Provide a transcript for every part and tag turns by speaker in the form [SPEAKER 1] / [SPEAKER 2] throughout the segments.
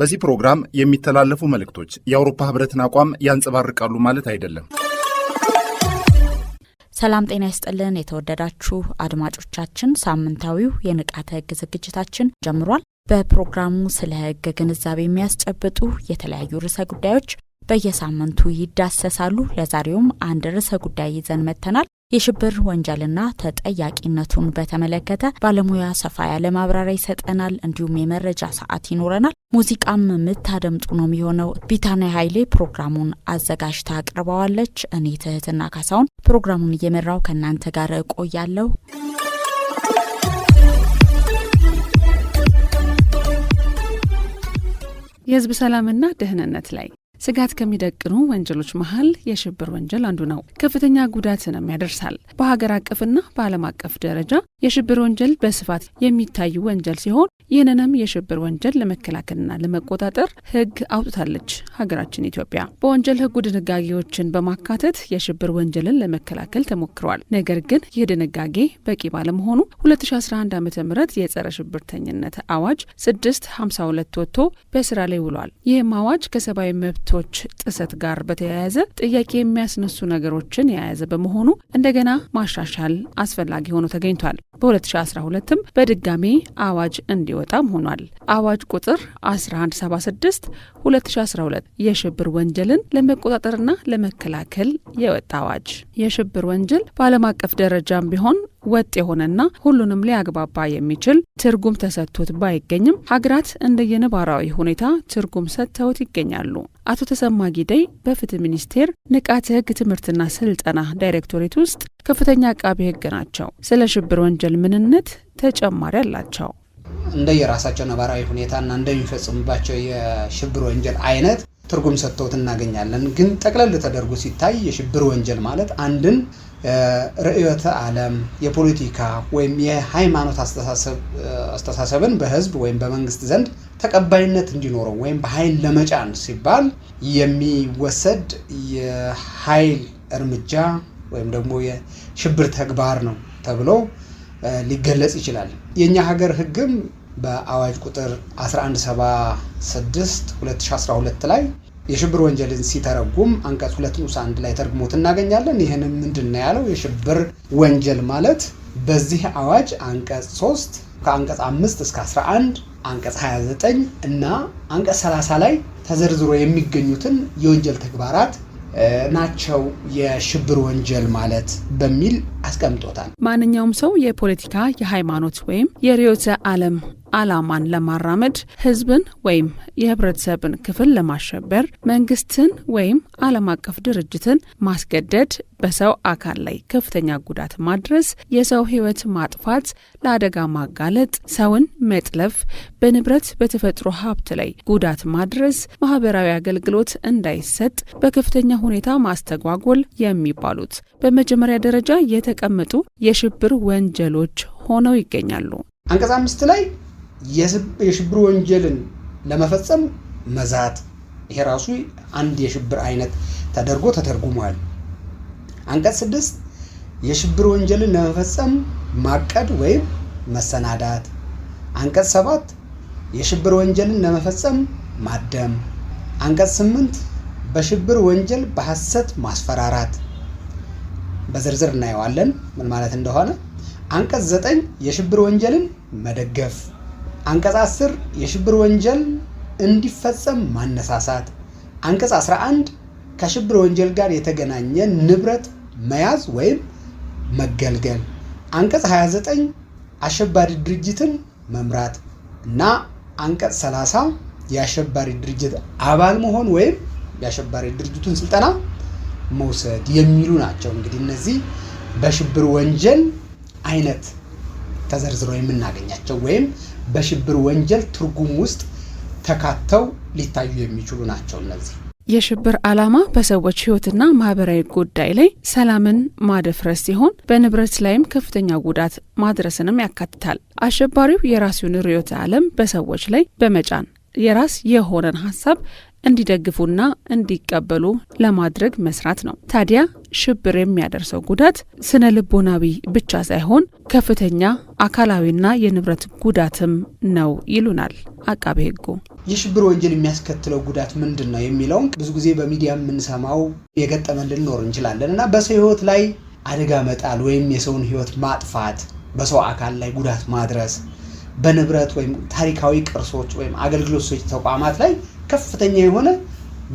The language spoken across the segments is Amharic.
[SPEAKER 1] በዚህ ፕሮግራም የሚተላለፉ መልእክቶች የአውሮፓ ህብረትን አቋም ያንጸባርቃሉ ማለት አይደለም።
[SPEAKER 2] ሰላም ጤና ይስጥልን። የተወደዳችሁ አድማጮቻችን ሳምንታዊው የንቃተ ህግ ዝግጅታችን ጀምሯል። በፕሮግራሙ ስለ ህግ ግንዛቤ የሚያስጨብጡ የተለያዩ ርዕሰ ጉዳዮች በየሳምንቱ ይዳሰሳሉ። ለዛሬውም አንድ ርዕሰ ጉዳይ ይዘን መጥተናል። የሽብር ወንጀልና ተጠያቂነቱን በተመለከተ ባለሙያ ሰፋ ያለ ማብራሪያ ይሰጠናል። እንዲሁም የመረጃ ሰዓት ይኖረናል። ሙዚቃም የምታደምጡ ነው የሚሆነው። ቢታንያ ኃይሌ ፕሮግራሙን አዘጋጅታ አቅርበዋለች። እኔ ትህትና ካሳሁን ፕሮግራሙን እየመራው ከእናንተ ጋር እቆያለሁ። የህዝብ ሰላምና ደህንነት ላይ ስጋት ከሚደቅኑ ወንጀሎች መሀል የሽብር ወንጀል አንዱ ነው። ከፍተኛ ጉዳትንም ያደርሳል። በሀገር አቀፍና በዓለም አቀፍ ደረጃ የሽብር ወንጀል በስፋት የሚታዩ ወንጀል ሲሆን ይህንንም የሽብር ወንጀል ለመከላከልና ለመቆጣጠር ሕግ አውጥታለች ሀገራችን ኢትዮጵያ። በወንጀል ሕጉ ድንጋጌዎችን በማካተት የሽብር ወንጀልን ለመከላከል ተሞክሯል። ነገር ግን ይህ ድንጋጌ በቂ ባለመሆኑ 2011 ዓ ም የጸረ ሽብርተኝነት አዋጅ 652 ወጥቶ በስራ ላይ ውሏል። ይህም አዋጅ ከሰብአዊ መብት መብቶች ጥሰት ጋር በተያያዘ ጥያቄ የሚያስነሱ ነገሮችን የያዘ በመሆኑ እንደገና ማሻሻል አስፈላጊ ሆኖ ተገኝቷል። በ2012ም በድጋሜ አዋጅ እንዲወጣም ሆኗል። አዋጅ ቁጥር 1176 2012 የሽብር ወንጀልን ለመቆጣጠርና ለመከላከል የወጣ አዋጅ የሽብር ወንጀል በዓለም አቀፍ ደረጃም ቢሆን ወጥ የሆነና ሁሉንም ሊያግባባ የሚችል ትርጉም ተሰጥቶት ባይገኝም ሀገራት እንደየነባራዊ ሁኔታ ትርጉም ሰጥተውት ይገኛሉ። አቶ ተሰማ ጊደይ በፍትህ ሚኒስቴር ንቃተ ህግ ትምህርትና ስልጠና ዳይሬክቶሬት ውስጥ ከፍተኛ አቃቤ ህግ ናቸው። ስለ ሽብር ወንጀል ምንነት ተጨማሪ አላቸው።
[SPEAKER 3] እንደየራሳቸው ነባራዊ ሁኔታና እንደሚፈጽሙባቸው የሽብር ወንጀል አይነት ትርጉም ሰጥተውት እናገኛለን። ግን ጠቅለል ተደርጎ ሲታይ የሽብር ወንጀል ማለት አንድን ርዕዮተ ዓለም የፖለቲካ ወይም የሃይማኖት አስተሳሰብን በህዝብ ወይም በመንግስት ዘንድ ተቀባይነት እንዲኖረው ወይም በኃይል ለመጫን ሲባል የሚወሰድ የኃይል እርምጃ ወይም ደግሞ የሽብር ተግባር ነው ተብሎ ሊገለጽ ይችላል። የእኛ ሀገር ህግም በአዋጅ ቁጥር 1176 2012 ላይ የሽብር ወንጀልን ሲተረጉም አንቀጽ 2 ንዑስ አንድ ላይ ተርጉሞት እናገኛለን። ይህንም ምንድን ነው ያለው? የሽብር ወንጀል ማለት በዚህ አዋጅ አንቀጽ 3 ከአንቀጽ 5 እስከ 11 አንቀጽ 29 እና አንቀጽ 30 ላይ ተዘርዝሮ የሚገኙትን የወንጀል ተግባራት ናቸው የሽብር ወንጀል ማለት በሚል አስቀምጦታል።
[SPEAKER 2] ማንኛውም ሰው የፖለቲካ፣ የሃይማኖት ወይም የርዕዮተ ዓለም አላማን ለማራመድ ህዝብን ወይም የህብረተሰብን ክፍል ለማሸበር መንግስትን ወይም ዓለም አቀፍ ድርጅትን ማስገደድ በሰው አካል ላይ ከፍተኛ ጉዳት ማድረስ፣ የሰው ህይወት ማጥፋት፣ ለአደጋ ማጋለጥ፣ ሰውን መጥለፍ፣ በንብረት በተፈጥሮ ሀብት ላይ ጉዳት ማድረስ፣ ማህበራዊ አገልግሎት እንዳይሰጥ በከፍተኛ ሁኔታ ማስተጓጎል የሚባሉት በመጀመሪያ ደረጃ የተቀመጡ የሽብር ወንጀሎች ሆነው ይገኛሉ።
[SPEAKER 3] አንቀጽ አምስት ላይ የሽብር ወንጀልን ለመፈጸም መዛት ይሄ ራሱ አንድ የሽብር አይነት ተደርጎ ተተርጉሟል። አንቀጽ ስድስት የሽብር ወንጀልን ለመፈጸም ማቀድ ወይም መሰናዳት። አንቀጽ ሰባት የሽብር ወንጀልን ለመፈጸም ማደም። አንቀጽ ስምንት በሽብር ወንጀል በሐሰት ማስፈራራት። በዝርዝር እናየዋለን ምን ማለት እንደሆነ። አንቀጽ ዘጠኝ የሽብር ወንጀልን መደገፍ አንቀጽ 10 የሽብር ወንጀል እንዲፈጸም ማነሳሳት፣ አንቀጽ 11 ከሽብር ወንጀል ጋር የተገናኘ ንብረት መያዝ ወይም መገልገል፣ አንቀጽ 29 አሸባሪ ድርጅትን መምራት እና አንቀጽ 30 የአሸባሪ ድርጅት አባል መሆን ወይም የአሸባሪ ድርጅቱን ስልጠና መውሰድ የሚሉ ናቸው። እንግዲህ እነዚህ በሽብር ወንጀል አይነት ተዘርዝረው የምናገኛቸው ወይም በሽብር ወንጀል ትርጉም ውስጥ ተካተው ሊታዩ የሚችሉ ናቸው እነዚህ
[SPEAKER 2] የሽብር ዓላማ በሰዎች ህይወትና ማህበራዊ ጉዳይ ላይ ሰላምን ማደፍረስ ሲሆን በንብረት ላይም ከፍተኛ ጉዳት ማድረስንም ያካትታል። አሸባሪው የራሱን ርዕዮተ ዓለም በሰዎች ላይ በመጫን የራስ የሆነን ሀሳብ እንዲደግፉና እንዲቀበሉ ለማድረግ መስራት ነው። ታዲያ ሽብር የሚያደርሰው ጉዳት ስነ ልቦናዊ ብቻ ሳይሆን ከፍተኛ አካላዊና የንብረት ጉዳትም ነው ይሉናል አቃቤ ሕጉ።
[SPEAKER 3] የሽብር ወንጀል የሚያስከትለው ጉዳት ምንድን ነው የሚለውን ብዙ ጊዜ በሚዲያ የምንሰማው የገጠመን ልንኖር እንችላለን እና በሰው ህይወት ላይ አደጋ መጣል ወይም የሰውን ህይወት ማጥፋት፣ በሰው አካል ላይ ጉዳት ማድረስ፣ በንብረት ወይም ታሪካዊ ቅርሶች ወይም አገልግሎቶች ተቋማት ላይ ከፍተኛ የሆነ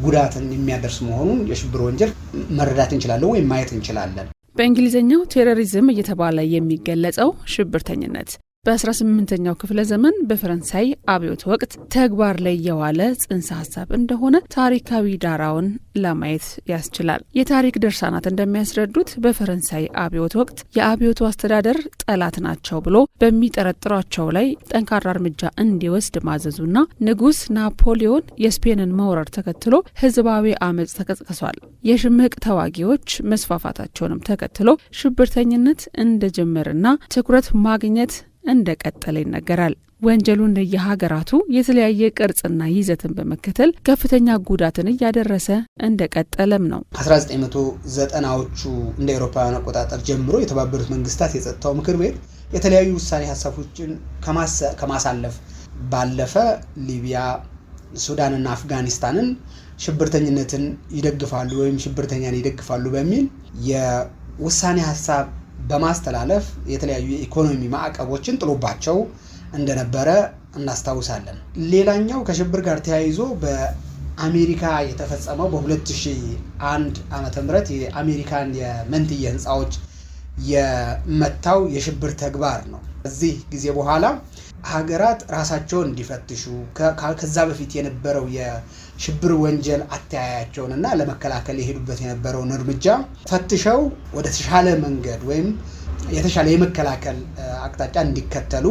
[SPEAKER 3] ጉዳትን የሚያደርስ መሆኑን የሽብር ወንጀል መረዳት እንችላለን ወይም ማየት እንችላለን።
[SPEAKER 2] በእንግሊዝኛው ቴሮሪዝም እየተባለ የሚገለጸው ሽብርተኝነት በ18ኛው ክፍለ ዘመን በፈረንሳይ አብዮት ወቅት ተግባር ላይ የዋለ ጽንሰ ሀሳብ እንደሆነ ታሪካዊ ዳራውን ለማየት ያስችላል። የታሪክ ድርሳናት እንደሚያስረዱት በፈረንሳይ አብዮት ወቅት የአብዮቱ አስተዳደር ጠላት ናቸው ብሎ በሚጠረጥሯቸው ላይ ጠንካራ እርምጃ እንዲወስድ ማዘዙና ንጉስ ናፖሊዮን የስፔንን መውረር ተከትሎ ህዝባዊ አመፅ ተቀስቅሷል። የሽምቅ ተዋጊዎች መስፋፋታቸውንም ተከትሎ ሽብርተኝነት እንደጀመርና ትኩረት ማግኘት እንደቀጠለ ይነገራል። ወንጀሉ እንደየሀገራቱ የተለያየ ቅርጽና ይዘትን በመከተል ከፍተኛ ጉዳትን እያደረሰ እንደ ቀጠለም ነው።
[SPEAKER 3] 1990ዎቹ እንደ አውሮፓውያን አቆጣጠር ጀምሮ የተባበሩት መንግስታት የጸጥታው ምክር ቤት የተለያዩ ውሳኔ ሀሳቦችን ከማሳለፍ ባለፈ ሊቢያ፣ ሱዳንና አፍጋኒስታንን ሽብርተኝነትን ይደግፋሉ ወይም ሽብርተኛን ይደግፋሉ በሚል የውሳኔ ሀሳብ በማስተላለፍ የተለያዩ የኢኮኖሚ ማዕቀቦችን ጥሎባቸው እንደነበረ እናስታውሳለን። ሌላኛው ከሽብር ጋር ተያይዞ በአሜሪካ የተፈጸመው በ2001 ዓ ም የአሜሪካን የመንትዬ ህንፃዎች የመታው የሽብር ተግባር ነው። ከዚህ ጊዜ በኋላ ሀገራት ራሳቸውን እንዲፈትሹ ከዛ በፊት የነበረው ሽብር ወንጀል አተያያቸውንና ለመከላከል የሄዱበት የነበረውን እርምጃ ፈትሸው ወደ ተሻለ መንገድ ወይም የተሻለ የመከላከል አቅጣጫ እንዲከተሉ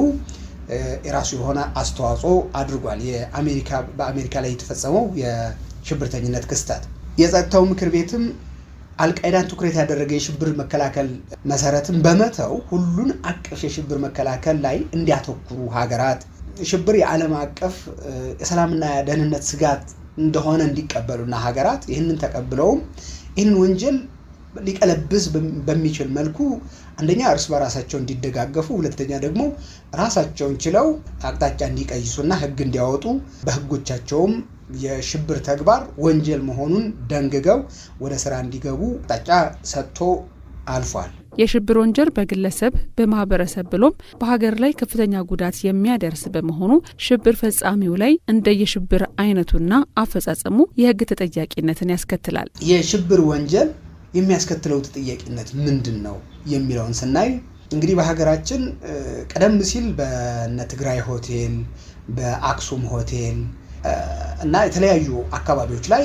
[SPEAKER 3] የራሱ የሆነ አስተዋጽኦ አድርጓል። የአሜሪካ በአሜሪካ ላይ የተፈጸመው የሽብርተኝነት ክስተት የጸጥታው ምክር ቤትም አልቃይዳን ትኩረት ያደረገ የሽብር መከላከል መሰረትን በመተው ሁሉን አቀፍ የሽብር መከላከል ላይ እንዲያተኩሩ ሀገራት ሽብር የዓለም አቀፍ የሰላምና ደህንነት ስጋት እንደሆነ እንዲቀበሉና ሀገራት ይህንን ተቀብለውም ይህንን ወንጀል ሊቀለብስ በሚችል መልኩ አንደኛ እርስ በራሳቸው እንዲደጋገፉ፣ ሁለተኛ ደግሞ ራሳቸውን ችለው አቅጣጫ እንዲቀይሱና ሕግ እንዲያወጡ በሕጎቻቸውም የሽብር ተግባር ወንጀል መሆኑን ደንግገው ወደ ስራ እንዲገቡ አቅጣጫ ሰጥቶ አልፏል።
[SPEAKER 2] የሽብር ወንጀል በግለሰብ በማህበረሰብ ብሎም በሀገር ላይ ከፍተኛ ጉዳት የሚያደርስ በመሆኑ ሽብር ፈጻሚው ላይ እንደ የሽብር አይነቱና አፈጻጸሙ የህግ ተጠያቂነትን ያስከትላል።
[SPEAKER 3] የሽብር ወንጀል የሚያስከትለው ተጠያቂነት ምንድን ነው የሚለውን ስናይ እንግዲህ በሀገራችን ቀደም ሲል በነ ትግራይ ሆቴል፣ በአክሱም ሆቴል እና የተለያዩ አካባቢዎች ላይ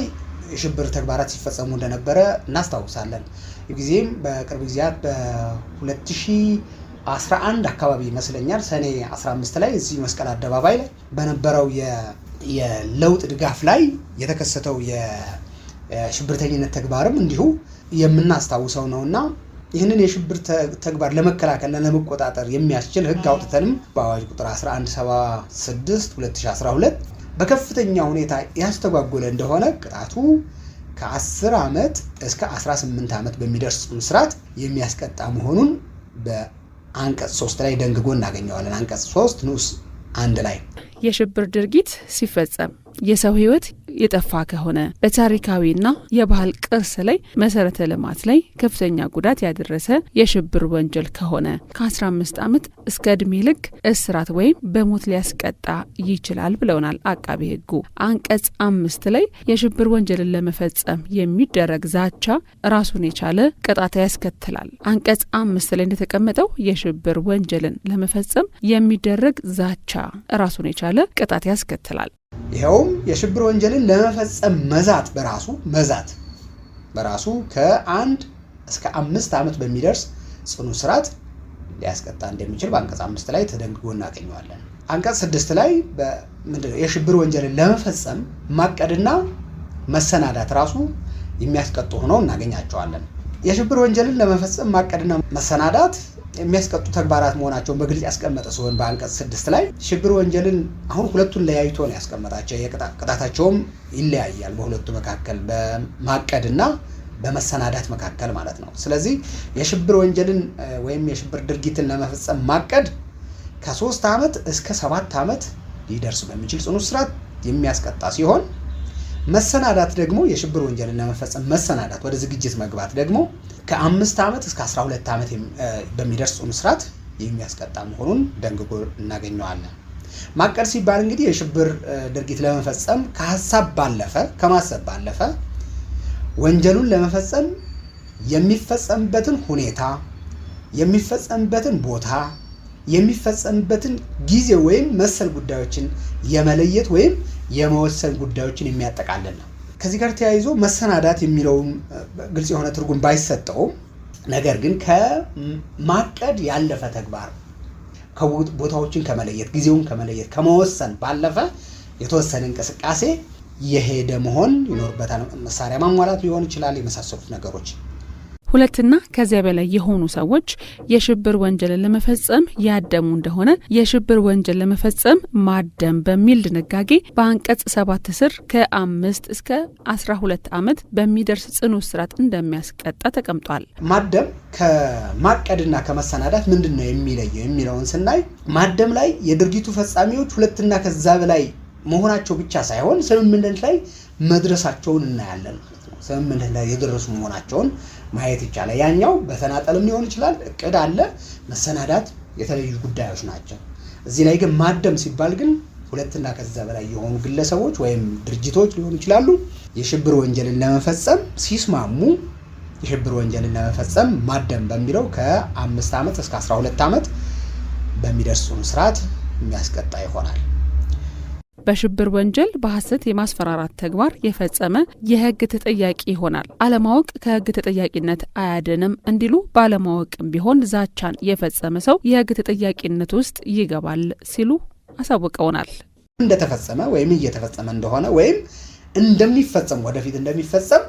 [SPEAKER 3] የሽብር ተግባራት ሲፈጸሙ እንደነበረ እናስታውሳለን። ጊዜም በቅርብ ጊዜያት በ2011 አካባቢ ይመስለኛል ሰኔ 15 ላይ እዚህ መስቀል አደባባይ ላይ በነበረው የለውጥ ድጋፍ ላይ የተከሰተው የሽብርተኝነት ተግባርም እንዲሁ የምናስታውሰው እና ይህንን የሽብር ተግባር ለመከላከልና ለመቆጣጠር የሚያስችል ሕግ አውጥተንም በአዋጅ ቁጥር 1176 2012 በከፍተኛ ሁኔታ ያስተጓጎለ እንደሆነ ቅጣቱ ከ10 ዓመት እስከ 18 ዓመት በሚደርስ እስራት የሚያስቀጣ መሆኑን በአንቀጽ 3 ላይ ደንግጎ እናገኘዋለን። አንቀጽ 3 ንዑስ አንድ ላይ
[SPEAKER 2] የሽብር ድርጊት ሲፈጸም የሰው ህይወት የጠፋ ከሆነ በታሪካዊና የባህል ቅርስ ላይ መሰረተ ልማት ላይ ከፍተኛ ጉዳት ያደረሰ የሽብር ወንጀል ከሆነ ከ15 ዓመት እስከ እድሜ ልክ እስራት ወይም በሞት ሊያስቀጣ ይችላል ብለውናል አቃቤ ሕጉ አንቀጽ አምስት ላይ የሽብር ወንጀልን ለመፈጸም የሚደረግ ዛቻ ራሱን የቻለ ቅጣት ያስከትላል። አንቀጽ አምስት ላይ እንደተቀመጠው የሽብር ወንጀልን ለመፈጸም የሚደረግ ዛቻ ራሱን የቻለ ቅጣት ያስከትላል።
[SPEAKER 3] ይኸውም የሽብር ወንጀልን ለመፈጸም መዛት በራሱ መዛት በራሱ ከአንድ እስከ አምስት ዓመት በሚደርስ ጽኑ እስራት ሊያስቀጣ እንደሚችል በአንቀጽ አምስት ላይ ተደንግጎ እናገኘዋለን። አንቀጽ ስድስት ላይ ምንድነው የሽብር ወንጀልን ለመፈጸም ማቀድና መሰናዳት ራሱ የሚያስቀጡ ሆነው እናገኛቸዋለን። የሽብር ወንጀልን ለመፈጸም ማቀድና መሰናዳት የሚያስቀጡ ተግባራት መሆናቸውን በግልጽ ያስቀመጠ ሲሆን በአንቀጽ ስድስት ላይ ሽብር ወንጀልን አሁን ሁለቱን ለያይቶ ነው ያስቀመጣቸው። ቅጣታቸውም ይለያያል በሁለቱ መካከል በማቀድ በመሰናዳት መካከል ማለት ነው። ስለዚህ የሽብር ወንጀልን ወይም የሽብር ድርጊትን ለመፈጸም ማቀድ ከሶስት ዓመት እስከ ሰባት ዓመት ሊደርስ በሚችል ጽኑ እስራት የሚያስቀጣ ሲሆን መሰናዳት ደግሞ የሽብር ወንጀልን መፈጸም መሰናዳት ወደ ዝግጅት መግባት ደግሞ ከአምስት ዓመት እስከ 12 ዓመት በሚደርስ ጽኑ እስራት የሚያስቀጣ መሆኑን ደንግጎ እናገኘዋለን። ማቀድ ሲባል እንግዲህ የሽብር ድርጊት ለመፈጸም ከሀሳብ ባለፈ ከማሰብ ባለፈ ወንጀሉን ለመፈጸም የሚፈጸምበትን ሁኔታ፣ የሚፈጸምበትን ቦታ፣ የሚፈጸምበትን ጊዜ ወይም መሰል ጉዳዮችን የመለየት ወይም የመወሰን ጉዳዮችን የሚያጠቃልል ነው። ከዚህ ጋር ተያይዞ መሰናዳት የሚለውን ግልጽ የሆነ ትርጉም ባይሰጠውም ነገር ግን ከማቀድ ያለፈ ተግባር ቦታዎችን ከመለየት ጊዜውን ከመለየት ከመወሰን ባለፈ የተወሰነ እንቅስቃሴ የሄደ መሆን ይኖርበታል። መሳሪያ ማሟላት ሊሆን ይችላል የመሳሰሉት ነገሮች
[SPEAKER 2] ሁለትና ከዚያ በላይ የሆኑ ሰዎች የሽብር ወንጀልን ለመፈጸም ያደሙ እንደሆነ የሽብር ወንጀል ለመፈጸም ማደም በሚል ድንጋጌ በአንቀጽ ሰባት ስር ከአምስት እስከ አስራ ሁለት ዓመት በሚደርስ ጽኑ እስራት እንደሚያስቀጣ ተቀምጧል።
[SPEAKER 3] ማደም ከማቀድና ከመሰናዳት ምንድን ነው የሚለየው የሚለውን ስናይ ማደም ላይ የድርጊቱ ፈጻሚዎች ሁለትና ከዛ በላይ መሆናቸው ብቻ ሳይሆን ስምምነት ላይ መድረሳቸውን እናያለን። ስምምነት ላይ የደረሱ መሆናቸውን ማየት ይቻላል። ያኛው በተናጠልም ሊሆን ይችላል፣ እቅድ አለ፣ መሰናዳት፣ የተለዩ ጉዳዮች ናቸው። እዚህ ላይ ግን ማደም ሲባል ግን ሁለትና ከዛ በላይ የሆኑ ግለሰቦች ወይም ድርጅቶች ሊሆኑ ይችላሉ የሽብር ወንጀልን ለመፈጸም ሲስማሙ የሽብር ወንጀልን ለመፈጸም ማደም በሚለው ከአምስት ዓመት እስከ ሁለት ዓመት በሚደርሱን ስርዓት የሚያስቀጣ ይሆናል።
[SPEAKER 2] በሽብር ወንጀል በሐሰት የማስፈራራት ተግባር የፈጸመ የህግ ተጠያቂ ይሆናል። አለማወቅ ከህግ ተጠያቂነት አያድንም እንዲሉ ባለማወቅም ቢሆን ዛቻን የፈጸመ ሰው የህግ ተጠያቂነት ውስጥ ይገባል ሲሉ አሳውቀውናል።
[SPEAKER 3] እንደተፈጸመ ወይም እየተፈጸመ እንደሆነ ወይም እንደሚፈጸም ወደፊት እንደሚፈጸም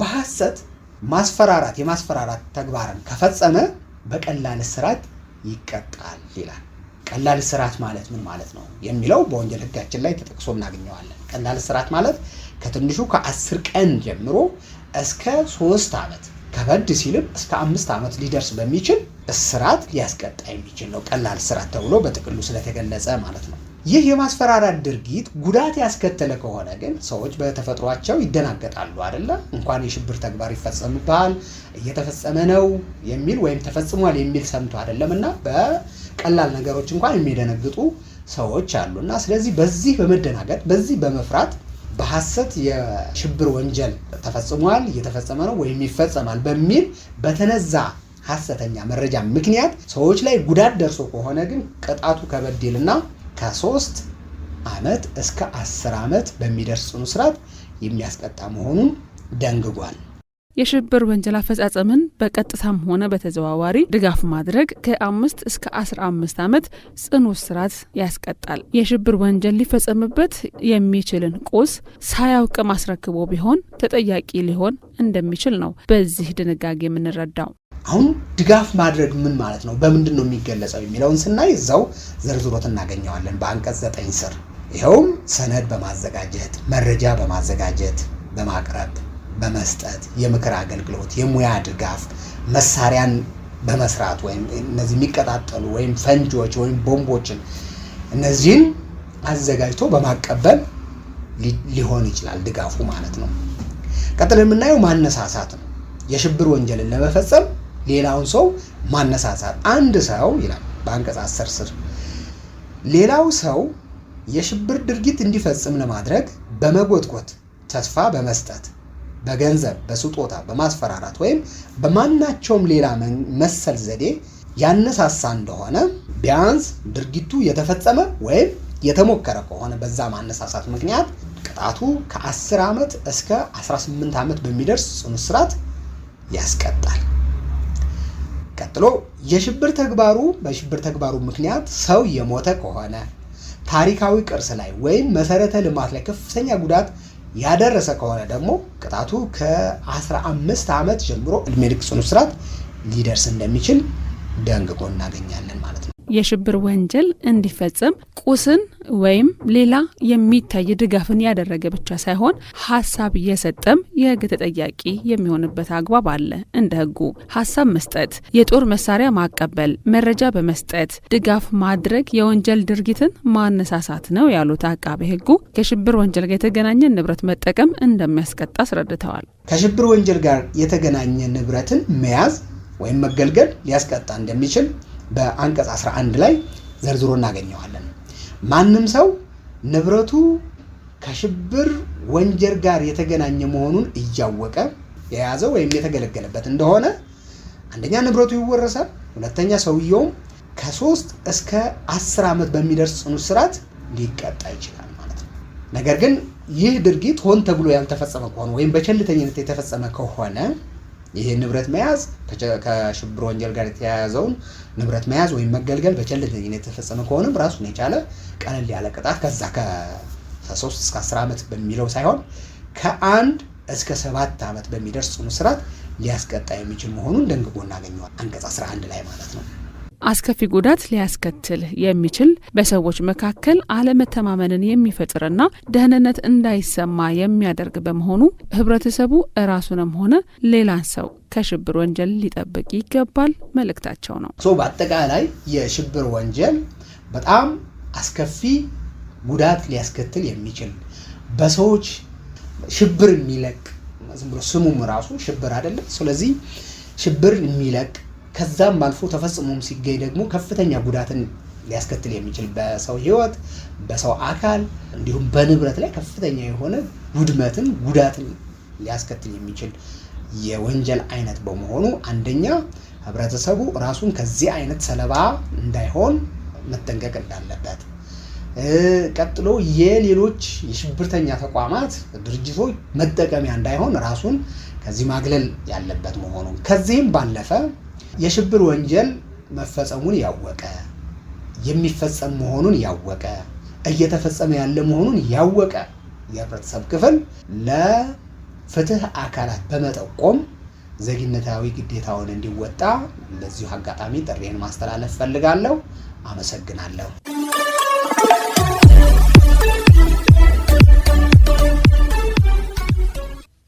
[SPEAKER 3] በሐሰት ማስፈራራት የማስፈራራት ተግባርን ከፈጸመ በቀላል እስራት ይቀጣል ይላል። ቀላል እስራት ማለት ምን ማለት ነው የሚለው በወንጀል ህጋችን ላይ ተጠቅሶ እናገኘዋለን። ቀላል እስራት ማለት ከትንሹ ከአስር ቀን ጀምሮ እስከ ሶስት ዓመት ከበድ ሲልም እስከ አምስት ዓመት ሊደርስ በሚችል እስራት ሊያስቀጣ የሚችል ነው ቀላል እስራት ተብሎ በጥቅሉ ስለተገለጸ ማለት ነው። ይህ የማስፈራራት ድርጊት ጉዳት ያስከተለ ከሆነ ግን ሰዎች በተፈጥሯቸው ይደናገጣሉ አይደለ? እንኳን የሽብር ተግባር ይፈጸምብሃል፣ እየተፈጸመ ነው የሚል ወይም ተፈጽሟል የሚል ሰምቶ አይደለም እና ቀላል ነገሮች እንኳን የሚደነግጡ ሰዎች አሉ እና ስለዚህ በዚህ በመደናገጥ በዚህ በመፍራት በሐሰት የሽብር ወንጀል ተፈጽሟል፣ እየተፈጸመ ነው ወይም ይፈጸማል በሚል በተነዛ ሐሰተኛ መረጃ ምክንያት ሰዎች ላይ ጉዳት ደርሶ ከሆነ ግን ቅጣቱ ከበድ ይልና ከሶስት ዓመት እስከ አስር ዓመት በሚደርስ ጽኑ እስራት የሚያስቀጣ መሆኑን ደንግጓል።
[SPEAKER 2] የሽብር ወንጀል አፈጻጸምን በቀጥታም ሆነ በተዘዋዋሪ ድጋፍ ማድረግ ከአምስት እስከ አስራ አምስት ዓመት ጽኑ እስራት ያስቀጣል። የሽብር ወንጀል ሊፈጸምበት የሚችልን ቁስ ሳያውቅ ማስረክቦ ቢሆን ተጠያቂ ሊሆን እንደሚችል ነው በዚህ ድንጋጌ የምንረዳው።
[SPEAKER 3] አሁን ድጋፍ ማድረግ ምን ማለት ነው? በምንድን ነው የሚገለጸው የሚለውን ስናይ እዛው ዝርዝሮት እናገኘዋለን በአንቀጽ ዘጠኝ ስር ይኸውም ሰነድ በማዘጋጀት መረጃ በማዘጋጀት በማቅረብ በመስጠት የምክር አገልግሎት፣ የሙያ ድጋፍ፣ መሳሪያን በመስራት ወይም እነዚህ የሚቀጣጠሉ ወይም ፈንጂዎች ወይም ቦምቦችን እነዚህን አዘጋጅቶ በማቀበል ሊሆን ይችላል ድጋፉ ማለት ነው። ቀጥል የምናየው ማነሳሳት ነው። የሽብር ወንጀልን ለመፈጸም ሌላውን ሰው ማነሳሳት። አንድ ሰው ይላል በአንቀጽ አስር ስር ሌላው ሰው የሽብር ድርጊት እንዲፈጽም ለማድረግ በመጎትጎት ተስፋ በመስጠት በገንዘብ በስጦታ በማስፈራራት ወይም በማናቸውም ሌላ መሰል ዘዴ ያነሳሳ እንደሆነ ቢያንስ ድርጊቱ የተፈጸመ ወይም የተሞከረ ከሆነ በዛ ማነሳሳት ምክንያት ቅጣቱ ከ10 ዓመት እስከ 18 ዓመት በሚደርስ ጽኑ እስራት ያስቀጣል። ቀጥሎ የሽብር ተግባሩ በሽብር ተግባሩ ምክንያት ሰው የሞተ ከሆነ ታሪካዊ ቅርስ ላይ ወይም መሰረተ ልማት ላይ ከፍተኛ ጉዳት ያደረሰ ከሆነ ደግሞ ቅጣቱ ከ15 ዓመት ጀምሮ እድሜ ልክ ጽኑ እስራት ሊደርስ እንደሚችል ደንግጎ እናገኛለን ማለት ነው።
[SPEAKER 2] የሽብር ወንጀል እንዲፈጽም ቁስን ወይም ሌላ የሚታይ ድጋፍን ያደረገ ብቻ ሳይሆን ሀሳብ የሰጠም የህግ ተጠያቂ የሚሆንበት አግባብ አለ። እንደ ህጉ ሀሳብ መስጠት፣ የጦር መሳሪያ ማቀበል፣ መረጃ በመስጠት ድጋፍ ማድረግ የወንጀል ድርጊትን ማነሳሳት ነው ያሉት አቃቤ ህጉ ከሽብር ወንጀል ጋር የተገናኘ ንብረት መጠቀም እንደሚያስቀጣ አስረድተዋል።
[SPEAKER 3] ከሽብር ወንጀል ጋር የተገናኘ ንብረትን መያዝ ወይም መገልገል ሊያስቀጣ እንደሚችል በአንቀጽ 11 ላይ ዘርዝሮ እናገኘዋለን። ማንም ሰው ንብረቱ ከሽብር ወንጀል ጋር የተገናኘ መሆኑን እያወቀ የያዘው ወይም የተገለገለበት እንደሆነ አንደኛ ንብረቱ ይወረሳል፣ ሁለተኛ ሰውየውም ከሶስት እስከ አስር ዓመት በሚደርስ ጽኑ እስራት ሊቀጣ ይችላል ማለት ነው። ነገር ግን ይህ ድርጊት ሆን ተብሎ ያልተፈጸመ ከሆነ ወይም በቸልተኝነት የተፈጸመ ከሆነ ይሄ ንብረት መያዝ ከሽብር ወንጀል ጋር የተያያዘውን ንብረት መያዝ ወይም መገልገል በቸልተኝነት የተፈጸመ ከሆነም ራሱን የቻለ ቀለል ያለ ቅጣት ከዛ ከሶስት እስከ አስር ዓመት በሚለው ሳይሆን ከአንድ እስከ ሰባት ዓመት በሚደርስ ጽኑ እስራት ሊያስቀጣ የሚችል መሆኑን ደንግቦ እናገኘዋል አንቀጽ 11 ላይ ማለት ነው።
[SPEAKER 2] አስከፊ ጉዳት ሊያስከትል የሚችል በሰዎች መካከል አለመተማመንን የሚፈጥርና ደህንነት እንዳይሰማ የሚያደርግ በመሆኑ ህብረተሰቡ እራሱንም ሆነ ሌላን ሰው ከሽብር ወንጀል ሊጠብቅ ይገባል መልእክታቸው ነው።
[SPEAKER 3] በአጠቃላይ የሽብር ወንጀል በጣም አስከፊ ጉዳት ሊያስከትል የሚችል በሰዎች ሽብር የሚለቅ ዝም ብሎ ስሙም ራሱ ሽብር አይደለም። ስለዚህ ሽብር የሚለቅ ከዛም አልፎ ተፈጽሞም ሲገኝ ደግሞ ከፍተኛ ጉዳትን ሊያስከትል የሚችል በሰው ህይወት በሰው አካል እንዲሁም በንብረት ላይ ከፍተኛ የሆነ ውድመትን ጉዳትን ሊያስከትል የሚችል የወንጀል አይነት በመሆኑ አንደኛ ህብረተሰቡ ራሱን ከዚህ አይነት ሰለባ እንዳይሆን መጠንቀቅ እንዳለበት፣ ቀጥሎ የሌሎች የሽብርተኛ ተቋማት ድርጅቶች መጠቀሚያ እንዳይሆን ራሱን ከዚህ ማግለል ያለበት መሆኑ ከዚህም ባለፈ የሽብር ወንጀል መፈጸሙን ያወቀ የሚፈጸም መሆኑን ያወቀ እየተፈጸመ ያለ መሆኑን ያወቀ የህብረተሰብ ክፍል ለፍትህ አካላት በመጠቆም ዜግነታዊ ግዴታውን እንዲወጣ በዚሁ አጋጣሚ ጥሪን ማስተላለፍ ፈልጋለሁ። አመሰግናለሁ።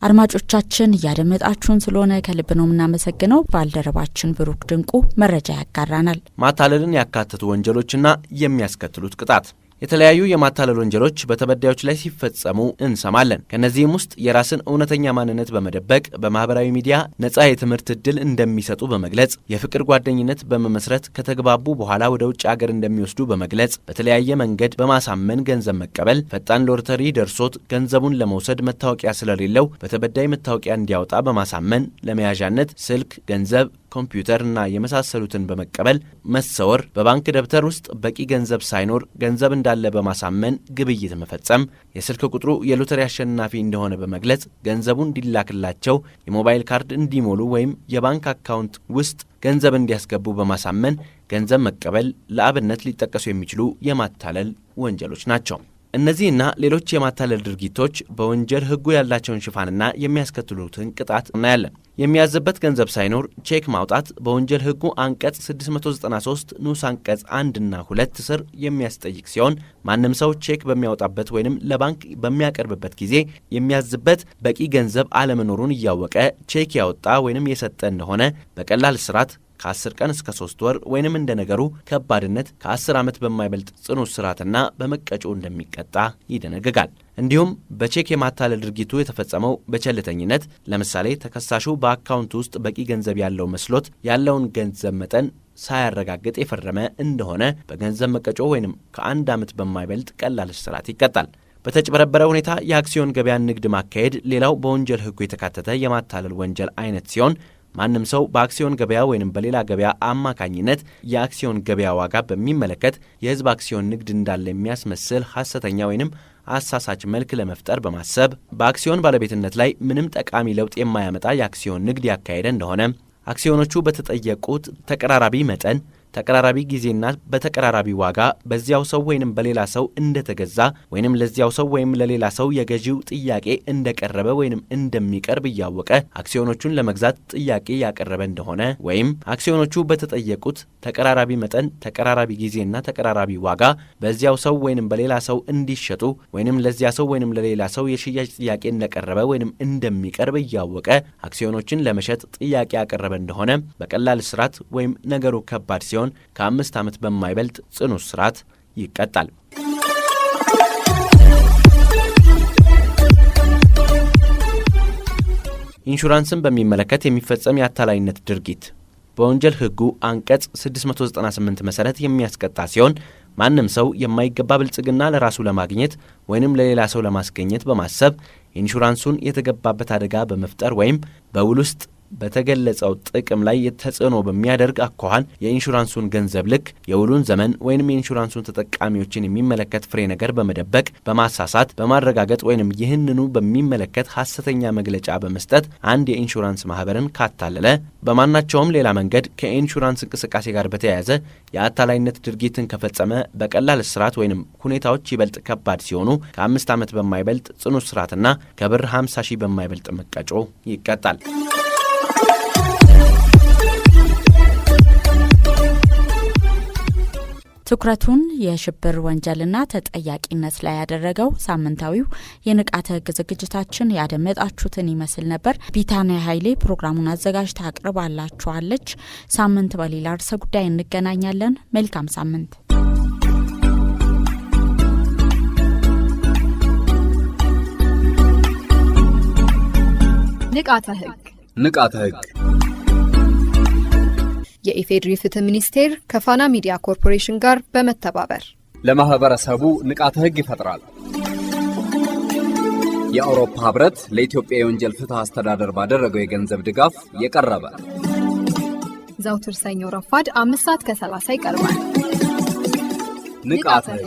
[SPEAKER 2] አድማጮቻችን እያደመጣችሁን ስለሆነ ከልብ ነው የምናመሰግነው። ባልደረባችን ብሩክ ድንቁ መረጃ ያጋራናል።
[SPEAKER 4] ማታለልን ያካተቱ ወንጀሎችና የሚያስከትሉት ቅጣት የተለያዩ የማታለል ወንጀሎች በተበዳዮች ላይ ሲፈጸሙ እንሰማለን። ከእነዚህም ውስጥ የራስን እውነተኛ ማንነት በመደበቅ በማህበራዊ ሚዲያ ነጻ የትምህርት እድል እንደሚሰጡ በመግለጽ የፍቅር ጓደኝነት በመመስረት ከተግባቡ በኋላ ወደ ውጭ ሀገር እንደሚወስዱ በመግለጽ በተለያየ መንገድ በማሳመን ገንዘብ መቀበል፣ ፈጣን ሎተሪ ደርሶት ገንዘቡን ለመውሰድ መታወቂያ ስለሌለው በተበዳይ መታወቂያ እንዲያወጣ በማሳመን ለመያዣነት ስልክ፣ ገንዘብ ኮምፒውተር እና የመሳሰሉትን በመቀበል መሰወር፣ በባንክ ደብተር ውስጥ በቂ ገንዘብ ሳይኖር ገንዘብ እንዳለ በማሳመን ግብይት መፈጸም፣ የስልክ ቁጥሩ የሎተሪ አሸናፊ እንደሆነ በመግለጽ ገንዘቡ እንዲላክላቸው የሞባይል ካርድ እንዲሞሉ ወይም የባንክ አካውንት ውስጥ ገንዘብ እንዲያስገቡ በማሳመን ገንዘብ መቀበል ለአብነት ሊጠቀሱ የሚችሉ የማታለል ወንጀሎች ናቸው። እነዚህና ሌሎች የማታለል ድርጊቶች በወንጀል ሕጉ ያላቸውን ሽፋንና የሚያስከትሉትን ቅጣት እናያለን። የሚያዝበት ገንዘብ ሳይኖር ቼክ ማውጣት በወንጀል ሕጉ አንቀጽ 693 ንዑስ አንቀጽ 1 እና 2 ስር የሚያስጠይቅ ሲሆን ማንም ሰው ቼክ በሚያወጣበት ወይንም ለባንክ በሚያቀርብበት ጊዜ የሚያዝበት በቂ ገንዘብ አለመኖሩን እያወቀ ቼክ ያወጣ ወይንም የሰጠ እንደሆነ በቀላል እስራት ከ10 ቀን እስከ 3 ወር ወይንም እንደ ነገሩ ከባድነት ከ10 ዓመት በማይበልጥ ጽኑ እስራትና በመቀጮ እንደሚቀጣ ይደነግጋል። እንዲሁም በቼክ የማታለል ድርጊቱ የተፈጸመው በቸልተኝነት ለምሳሌ ተከሳሹ በአካውንት ውስጥ በቂ ገንዘብ ያለው መስሎት ያለውን ገንዘብ መጠን ሳያረጋግጥ የፈረመ እንደሆነ በገንዘብ መቀጮ ወይንም ከአንድ ዓመት በማይበልጥ ቀላል እስራት ይቀጣል። በተጭበረበረ ሁኔታ የአክሲዮን ገበያን ንግድ ማካሄድ ሌላው በወንጀል ሕጉ የተካተተ የማታለል ወንጀል አይነት ሲሆን ማንም ሰው በአክሲዮን ገበያ ወይም በሌላ ገበያ አማካኝነት የአክሲዮን ገበያ ዋጋ በሚመለከት የህዝብ አክሲዮን ንግድ እንዳለ የሚያስመስል ሐሰተኛ ወይንም አሳሳች መልክ ለመፍጠር በማሰብ በአክሲዮን ባለቤትነት ላይ ምንም ጠቃሚ ለውጥ የማያመጣ የአክሲዮን ንግድ ያካሄደ እንደሆነ አክሲዮኖቹ በተጠየቁት ተቀራራቢ መጠን ተቀራራቢ ጊዜና በተቀራራቢ ዋጋ በዚያው ሰው ወይንም በሌላ ሰው እንደተገዛ ወይንም ለዚያው ሰው ወይም ለሌላ ሰው የገዢው ጥያቄ እንደቀረበ ወይንም እንደሚቀርብ እያወቀ አክሲዮኖቹን ለመግዛት ጥያቄ ያቀረበ እንደሆነ ወይም አክሲዮኖቹ በተጠየቁት ተቀራራቢ መጠን፣ ተቀራራቢ ጊዜና ተቀራራቢ ዋጋ በዚያው ሰው ወይንም በሌላ ሰው እንዲሸጡ ወይንም ለዚያ ሰው ወይንም ለሌላ ሰው የሽያጭ ጥያቄ እንደቀረበ ወይንም እንደሚቀርብ እያወቀ አክሲዮኖችን ለመሸጥ ጥያቄ ያቀረበ እንደሆነ በቀላል ስርዓት ወይም ነገሩ ከባድ ሲሆን ሲሆን ከአምስት ዓመት በማይበልጥ ጽኑ እስራት ይቀጣል። ኢንሹራንስን በሚመለከት የሚፈጸም የአታላይነት ድርጊት በወንጀል ሕጉ አንቀጽ 698 መሰረት የሚያስቀጣ ሲሆን ማንም ሰው የማይገባ ብልጽግና ለራሱ ለማግኘት ወይንም ለሌላ ሰው ለማስገኘት በማሰብ ኢንሹራንሱን የተገባበት አደጋ በመፍጠር ወይም በውል ውስጥ በተገለጸው ጥቅም ላይ ተጽዕኖ በሚያደርግ አኳኋን የኢንሹራንሱን ገንዘብ ልክ፣ የውሉን ዘመን ወይንም የኢንሹራንሱን ተጠቃሚዎችን የሚመለከት ፍሬ ነገር በመደበቅ በማሳሳት በማረጋገጥ ወይንም ይህንኑ በሚመለከት ሐሰተኛ መግለጫ በመስጠት አንድ የኢንሹራንስ ማህበርን ካታለለ በማናቸውም ሌላ መንገድ ከኢንሹራንስ እንቅስቃሴ ጋር በተያያዘ የአታላይነት ድርጊትን ከፈጸመ በቀላል እስራት ወይንም ሁኔታዎች ይበልጥ ከባድ ሲሆኑ ከአምስት ዓመት በማይበልጥ ጽኑ እስራትና ከብር 50 ሺህ በማይበልጥ መቀጮ ይቀጣል።
[SPEAKER 2] ትኩረቱን የሽብር ወንጀልና ተጠያቂነት ላይ ያደረገው ሳምንታዊው የንቃተ ህግ ዝግጅታችን ያደመጣችሁትን ይመስል ነበር። ቢታንያ ኃይሌ ፕሮግራሙን አዘጋጅታ አቅርባላችኋለች። ሳምንት በሌላ ርዕሰ ጉዳይ እንገናኛለን። መልካም ሳምንት።
[SPEAKER 5] ንቃተ ህግ
[SPEAKER 4] ንቃተ ህግ
[SPEAKER 2] የኢፌዴሪ ፍትህ ሚኒስቴር ከፋና ሚዲያ ኮርፖሬሽን ጋር በመተባበር
[SPEAKER 4] ለማህበረሰቡ ንቃተ ህግ ይፈጥራል። የአውሮፓ ህብረት ለኢትዮጵያ የወንጀል ፍትህ አስተዳደር ባደረገው የገንዘብ ድጋፍ የቀረበ
[SPEAKER 2] ዘውትር ሰኞ ረፋድ አምስት ሰዓት ከሰላሳ ይቀርባል።
[SPEAKER 4] ንቃተ ህግ